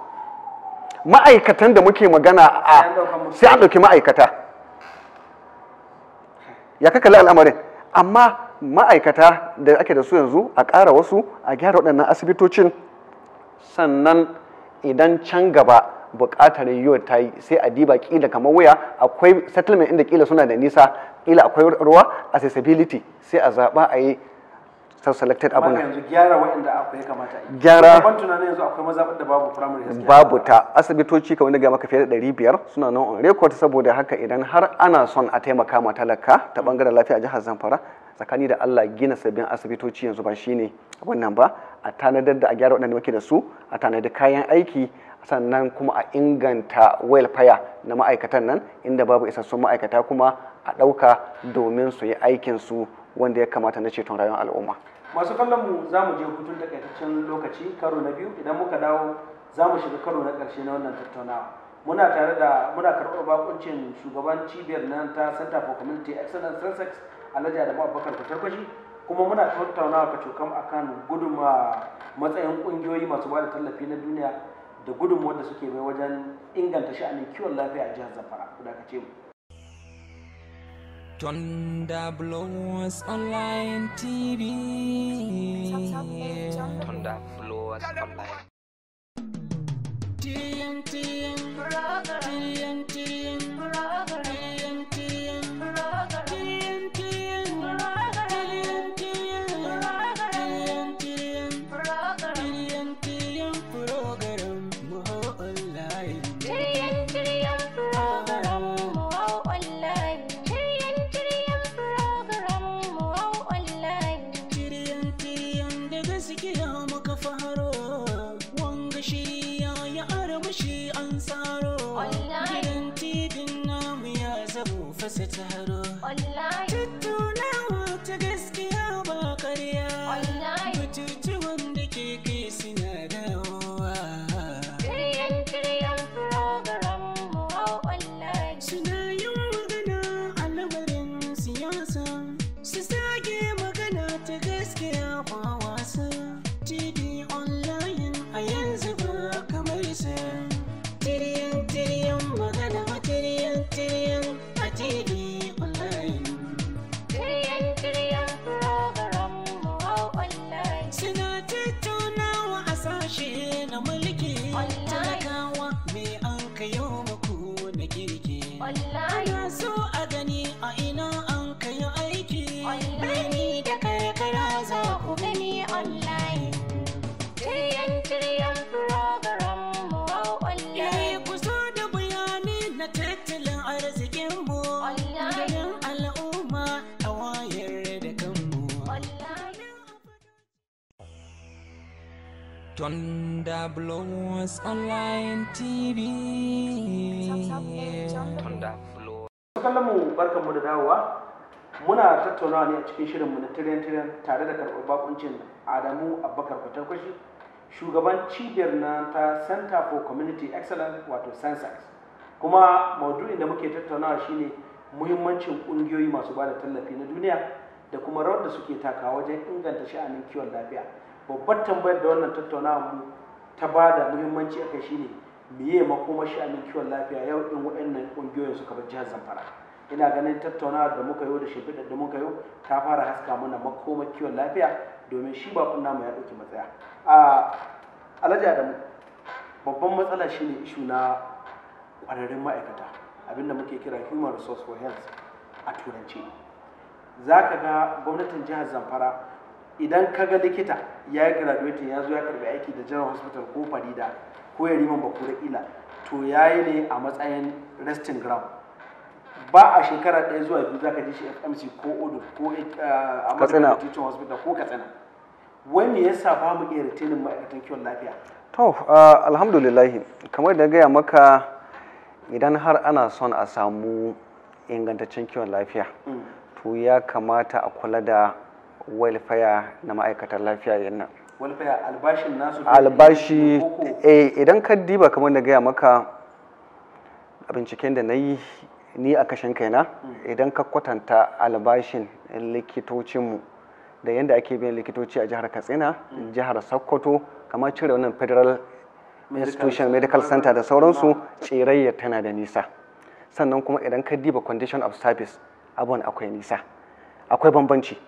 ma'aikatan da muke magana a sai an ɗauki ma'aikata ya ka kalli al'amarin amma ma'aikata da ake da su yanzu a ƙara wasu a gyara waɗannan asibitocin sannan idan can gaba buƙatar yiwu ta yi sai a diba ƙila kamar wuya akwai settlement inda ƙila suna da nisa ƙila akwai ruwa accessibility sai a zaɓa a yi sau selected abu yanzu gyara waɗanda akwai kamata gyara ban tunanin yanzu akwai da babu primary ta asibitoci kamar da ga maka fiye da biyar suna nan on record saboda haka idan har ana son a taimaka ma talaka ta bangaren lafiya a jihar Zamfara tsakani da Allah gina sabbin asibitoci yanzu ba shine wannan ba a tanadar da a gyara waɗanda muke da su a tanadar kayan aiki sannan kuma a inganta welfare na ma'aikatan nan inda babu isassun ma'aikata kuma a ɗauka domin su yi aikinsu wanda ya kamata na ceton rayuwar al'umma masu kallon mu za mu je hutun takaitaccen lokaci karo na biyu idan muka dawo za mu shiga karo na ƙarshe na wannan tattaunawa muna tare da muna karɓar bakuncin shugaban cibiyar nan ta center for community excellence resex alhaji adamu abubakar kwatarkwashi kuma muna tattaunawa ka cokam a akan gudunma matsayin ƙungiyoyi masu ba da tallafi na duniya da gudunmu wanda suke bai wajen inganta sha'anin kiwon lafiya a jihar zamfara ku mu Thunder Blowers Online TV. Thunder Blowers Online. TNT. TNT. Thunder Blows Online TV. Blows. mu da dawowa. Muna tattaunawa ne a cikin shirin na tiren-tiren tare da karɓar bakuncin Adamu Abubakar Fatakwashi, shugaban cibiyar na ta Center for Community Excellence wato Sensex. Kuma maudu'in da muke tattaunawa shine muhimmancin ƙungiyoyi masu ba da tallafi na duniya da kuma rawar da suke takawa wajen inganta sha'anin kiwon lafiya. babbar tambayar da wannan tattaunawa mu ta ba da muhimmanci aka shine meye makoma sha'anin kiwon lafiya yau in waɗannan ƙungiyoyin suka bar jihar zamfara ina ganin tattaunawa da muka yi da shafiɗar da muka yi ta fara haska mana makoma kiwon lafiya domin shi ba kunna mu ya ɗauki matsaya a alhaji adamu babban matsala shine ishu na ƙwararrun ma'aikata abinda muke kira human resource for health a turanci za ka ga gwamnatin jihar zamfara idan ka ga likita ya yi graduating ya zo ya karbi aiki da general hospital ko farida ko ya riman bakura ila to ya yi ne a matsayin resting ground ba a shekara ɗaya zuwa biyu za ka ji shi fmc ko odo ko eh, a teaching hospital ko katsina wani ya sa ba mu iya retainin ma'aikatan kiwon lafiya to ah, alhamdulillahi kamar da gaya maka idan har ana son a samu ingantaccen kiwon lafiya mm. to ya kamata a kula da welfare na ma'aikatar lafiya yannan albashin nasu albashi eh idan ka diba kamar da gaya maka a binciken da na yi ni a kashin kaina mm. idan ka kwatanta albashin likitocinmu da yadda ake biyan likitoci a jihar katsina mm. jihar sokoto kamar cire wannan federal institution medical center da sauransu tsirayya tana da nisa sannan kuma idan ka diba condition of service abun akwai nisa akwai bambanci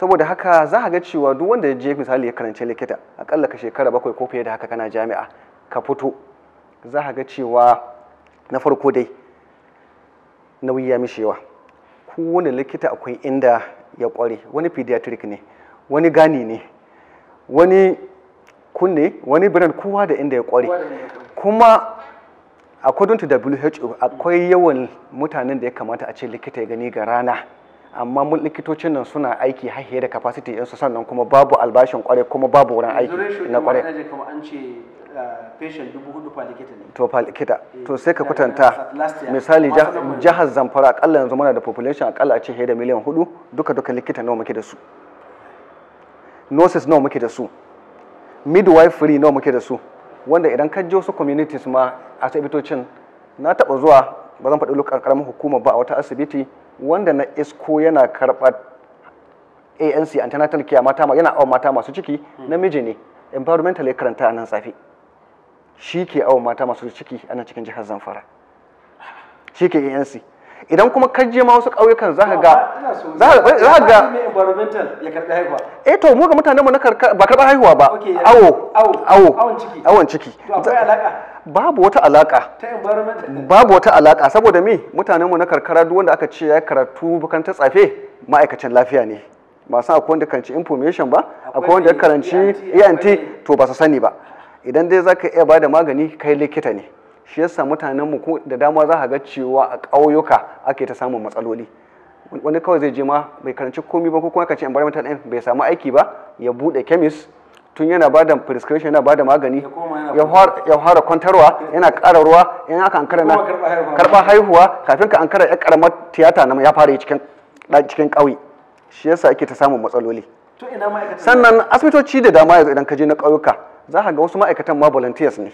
saboda haka za ga cewa duk wanda ya je misali ya karanci likita akalla ka shekara bakwai ko fiye da haka kana jami'a ka fito za ga cewa na farko dai nauyi ya mishi yawa kowane likita akwai inda ya kware wani pediatric ne wani gani ne wani kunne wani biran kowa da inda ya kware kuma according to WHO akwai yawan mutanen da ya kamata a ce likita ya gani ga rana amma mun likitocin nan suna aiki haihe da capacity su sannan kuma babu albashin kware kuma babu wurin eh, aiki na kware eh, To palikita eh, To sai ka kwatanta misali jihar Zamfara akalla yanzu muna da population akalla a ce da miliyan hudu duka duka likita nawa muke da su. Nurses nawa muke da su. Midwifery nawa muke da su. Wanda idan ka je wasu communities ma asibitocin na taɓa zuwa ba zan faɗi lokacin karamin hukuma ba a wata asibiti wanda na isko yana karɓar anc antenatal care mata yana awon mata masu ciki hmm. namiji ne environmental ya karanta a nan safe shi ke awon mata masu ciki a cikin jihar zamfara shi ke anc idan kuma kaje je ma wasu ƙauyukan za ka ga za ka ga ya haihuwa eh to mu ga mutanenmu na karka ba karɓar haihuwa ba awo awo awon ciki babu wata alaka babu wata alaka saboda me mutanenmu na karkara duk wanda aka ce ya karatu bukan ta tsafe ma'aikacin lafiya ne ba san akwai wanda karanci information ba akwai wanda karanci ENT e to ba su sani ba idan dai zaka iya bada magani kai likita ne shi yasa mutanen mu da dama za ka ga cewa a ƙauyuka ake ta samun matsaloli wani kawai zai je ma bai karanci komi ba ko kuma ka ce environmental ɗin bai samu aiki ba ya buɗe chemist tun yana ba da prescription yana ba da magani ya fara kwantarwa eh. yana ƙara ruwa in aka an na karɓa haihuwa kafin ka ankara ya karamar tiyata na ya fara yi cikin ƙauye shi yasa ake ta samun matsaloli sannan asibitoci da dama yanzu idan ka je na ƙauyuka za ka ga wasu ma'aikatan ma volunteers ne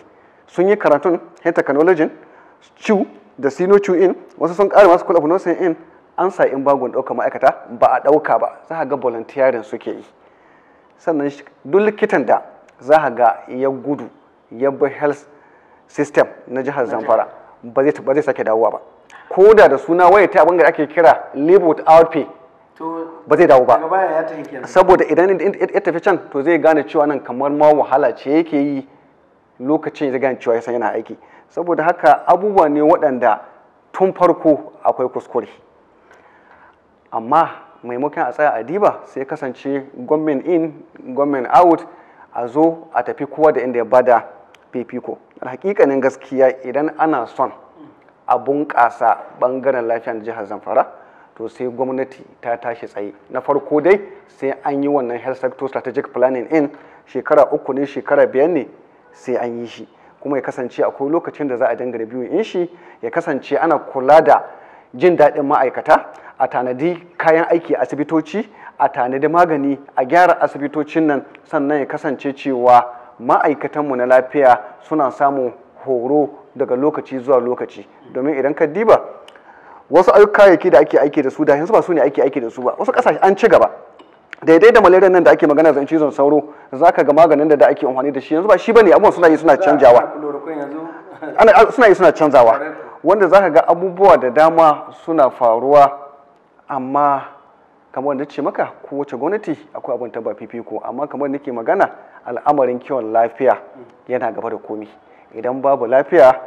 sun yi karatun head technology chu da sino chu in wasu sun ƙara masu kula in an sa in bagon ɗaukar ma'aikata ba a ɗauka ba za ga volunteering suke yi sannan duk likitan da za ga ya gudu ya bi health system na jihar zamfara ba zai sake dawowa ba ko da da suna waye ta abin da ake kira live without pay ba zai dawo ba saboda idan ya tafi can to zai gane cewa nan kamar ma wahala ce yake yi lokacin zai gane cewa ya san yana aiki saboda haka abubuwa ne waɗanda tun farko akwai kuskure amma maimakon a tsaya a diba sai kasance gwamnan in gwamnan out a zo a tafi kowa da inda ya bada fifiko hakikanin gaskiya idan ana son a bunƙasa ɓangaren lafiyar jihar zamfara to sai gwamnati ta tashi tsaye na farko dai sai an yi wannan health sector strategic planning in shekara uku ne shekara biyar ne sai an yi shi kuma ya kasance akwai lokacin da za a dangane biyu in shi ya kasance ana kula da jin daɗin ma'aikata a tanadi kayan aiki asibitoci a tanadi magani a gyara asibitocin nan sannan ya kasance cewa ma'aikatanmu na lafiya suna samun horo daga lokaci zuwa lokaci domin idan ka diba wasu kayayyaki da ake aiki da su da yanzu ba su ne ake aiki da su ba wasu ƙasashe an ci gaba daidai da malaria nan da ake magana zan cizon sauro zaka ga maganin da ake amfani da shi yanzu ba shi bane abubuwan suna yi suna canjawa suna yi suna canzawa wanda zaka ga abubuwa da dama suna faruwa amma kamar da ce maka kowace gwamnati akwai abin ta ba fifiko amma kamar nake magana al'amarin kiwon lafiya yana gaba da komi idan babu lafiya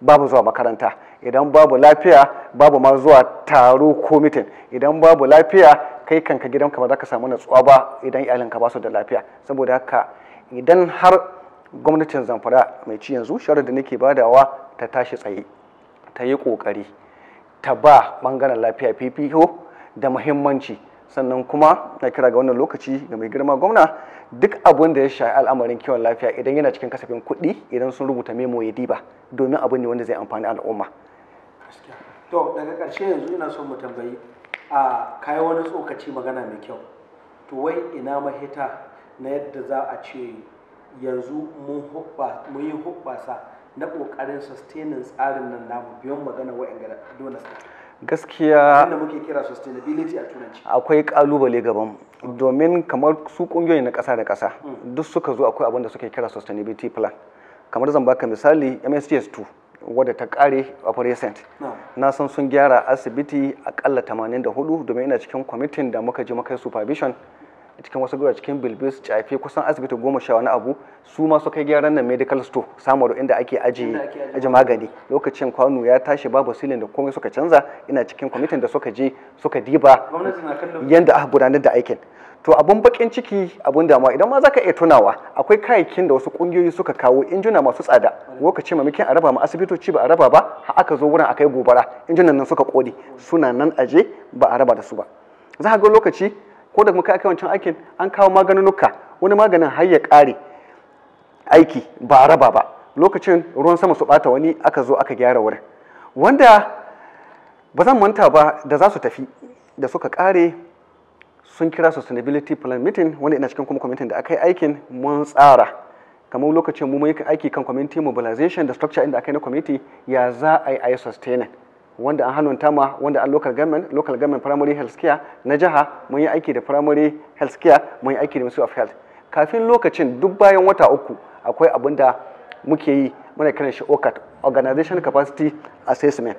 babu zuwa makaranta idan babu lafiya babu ma zuwa taro ko mitin idan babu lafiya kai kanka gidanka ba za ka samu natsuwa ba idan iyalinka ba su da lafiya saboda haka idan har gwamnatin zamfara mai ci yanzu shawarar da nake badawa ta tashi tsaye ta yi kokari ta ba bangaren lafiya fifiko da muhimmanci sannan kuma na kira ga wannan lokaci ga mai girma gwamna duk abin da ya shafi al'amarin kiwon lafiya idan yana cikin kasafin kuɗi idan sun rubuta memo ya diba domin abin ne wanda zai amfani al'umma to daga ƙarshe yanzu ina so mu tambayi a kayan wani tsokaci magana mai kyau to wai ina mahita na yadda za a ce yanzu mu yi hubbasa na ƙoƙarin sustaining tsarin nan namu biyan magana wa ga dole gaskiya muke kira sustainability a turanci akwai kalubale gaban domin kamar su kungiyoyi na kasa da kasa mm. duk suka zo akwai abin da suke kira sustainability plan kamar zan baka misali MSGS 2 wadda ta kare a present na san sun gyara asibiti akalla 84 domin ina cikin kwamitin da muka je muka supervision cikin wasu gura cikin bilbis cafe kusan asibiti goma sha wani abu su ma su kai gyaran nan medical store samar inda ake aje magani lokacin kwano ya tashi babu silin da komai suka canza ina cikin kwamitin da suka je suka diba yadda aka gudanar da aikin to abun bakin ciki abun damuwa idan ma ka iya tunawa akwai kayayyakin da wasu kungiyoyi suka kawo injuna masu tsada lokaci muke a raba ma asibitoci ba a raba ba har aka zo wurin akai gobara injunan nan suka kode suna nan aje ba a raba da su ba za ga lokaci ko da muka aka wancan aikin an kawo maganunuka wani maganin har ya kare aiki ba a raba ba lokacin ruwan sama su bata wani aka zo aka gyara wurin wanda ba zan manta ba da za su tafi da suka kare sun kira sustainability plan meeting wanda ina cikin kuma kwamitin da aka yi aikin mun tsara kamar lokacin mu yi aiki kan community mobilization da structure inda aka yi na community ya za a yi a yi sustaining wanda an hannun tama wanda an local government local government primary health care na jiha mun yi aiki da primary health care mun yi aiki da ministry of health kafin lokacin duk bayan wata uku akwai abin da muke yi muna kiran shi okat organization capacity assessment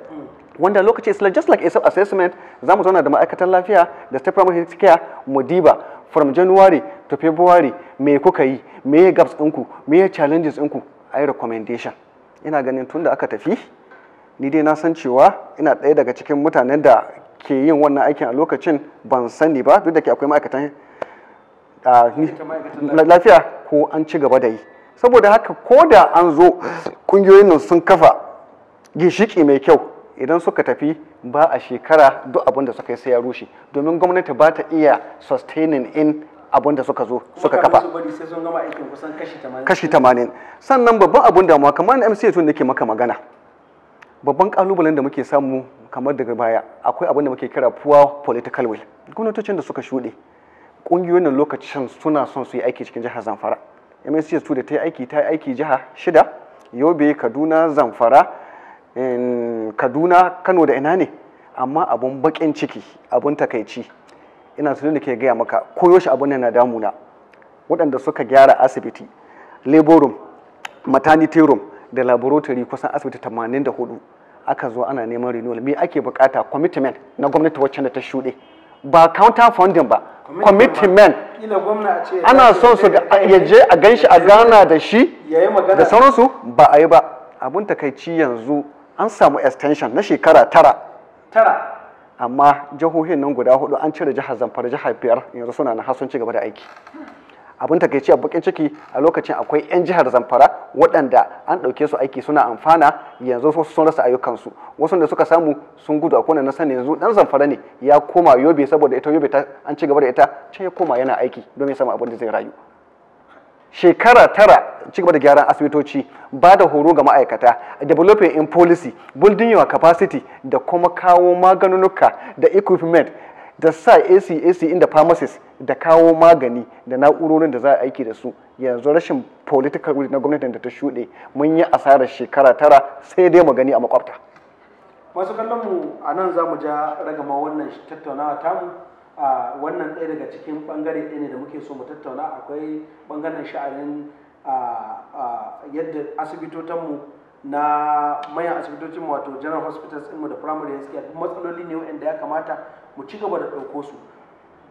wanda lokaci is just like a assessment za mu zauna da ma'aikatan lafiya da state primary health care mu diba from january to february me kuka yi me ya gaps ɗinku me ya challenges ɗinku a yi recommendation ina ganin tun da aka tafi ni dai na san cewa ina ɗaya daga cikin mutanen da ke yin wannan aikin a lokacin ban sani ba duk da ke akwai ma'aikatan lafiya ko an ci gaba da yi saboda haka ko da an zo ƙungiyoyin nan sun kafa ginshiki mai kyau idan suka tafi ba a shekara duk abin da suka yi sai ya rushe domin gwamnati ba ta iya sustaining in abin da suka zo suka kafa kashi 80 sannan babban abin damuwa kamar na tun da ke maka magana babban kalubalen da muke samu kamar daga baya akwai abin da muke kira poor political will gwamnatocin da suka shuɗe ƙungiyoyin lokacin suna son su yi aiki cikin jihar zamfara mc tun da ta yi aiki ta yi aiki jiha shida yobe kaduna zamfara kaduna kano da ina ne amma abun bakin ciki abun takaici ina su da ke gaya maka shi abun ne na damuna waɗanda suka gyara asibiti labor room maternity room da laboratory kusan asibiti 84 aka zo ana neman renewal me ake bukata commitment na gwamnati wacce da ta shuɗe ba counter funding ba commitment ana son su ya je a ganshi a gana da shi da sauransu ba a yi ba abun takaici yanzu an samu extension na shekara tara tara amma jihohin nan guda hudu an cire jihar zamfara jihar biyar yanzu suna na hasun da aiki abin takaici a bakin ciki a lokacin akwai 'yan jihar zamfara waɗanda an ɗauke su aiki suna amfana yanzu wasu sun rasa ayyukansu wasu da suka samu sun gudu a kone na sani yanzu ɗan zamfara ne ya koma yobe saboda ita yobe ta an ci gaba da ita can ya koma yana aiki domin ya samu abin da zai rayu shekara tara ci gaba da gyaran asibitoci ba da horo ga ma'aikata a developing in policy building your capacity da kuma kawo maganunuka da equipment da sa ACAC, in inda pharmacies da kawo magani da na'urorin da za a aiki da su yanzu rashin political will na gwamnatin da ta shuɗe mun yi asarar shekara tara sai dai mu gani a makwabta masu kallon mu a nan za mu ja ragama wannan tattaunawa tamu a wannan ɗaya daga cikin bangare ɗaya ne da muke so mu tattauna akwai bangaren sha'anin yadda asibitotanmu na mayan asibitocin wato general hospitals ɗinmu da primary health care matsaloli ne wa'anda ya kamata mu ci gaba da ɗauko su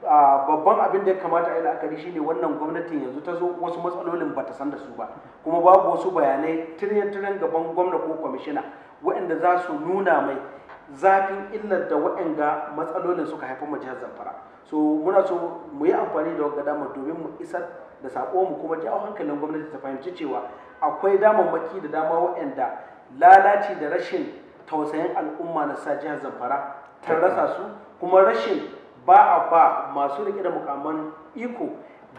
babban abin da ya kamata a yi la'akari shine wannan gwamnatin yanzu ta zo wasu matsalolin ba ta san da su ba kuma babu wasu bayanai tiryan-tiryan gaban gwamna ko kwamishina waɗanda za su nuna mai zafin illar da waɗanda matsalolin suka haifar mu jihar zamfara so muna so mu yi amfani da wanga dama domin mu isar da saƙo mu kuma jawo hankalin gwamnati ta fahimci cewa akwai damammaki da dama waɗanda lalaci da rashin tausayin al'umma na sa jihar zamfara ta rasa su kuma rashin ba a ba masu riƙe da mukamman iko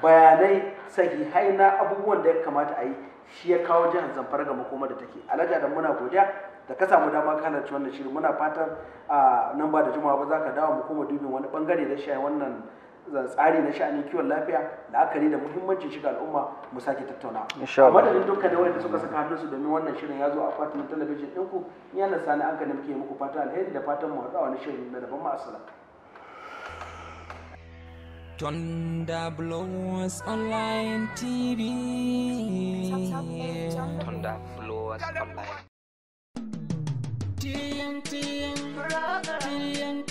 bayanai sahihai na abubuwan da ya kamata a yi shi ya kawo jihar zamfara ga makoma da take alaja da muna godiya da ka samu dama ka halarci wannan shirin muna fatan a nan ba da juma'a ba za ka dawo mu koma dubin wani bangare da shi wannan tsari na sha'anin kiwon lafiya da la'akari da muhimmancin shiga al'umma mu sake tattauna a madadin da wanda suka saka hannun su domin wannan shirin ya zo a fatan talabijin ɗinku yana sani an kana muke muku fatan alheri da fatan mu haɗu a wani shirin na daban ma'asala. Tonda Blowers online TV. Tonda Blowers online. tiriyan tiriyan tiriyan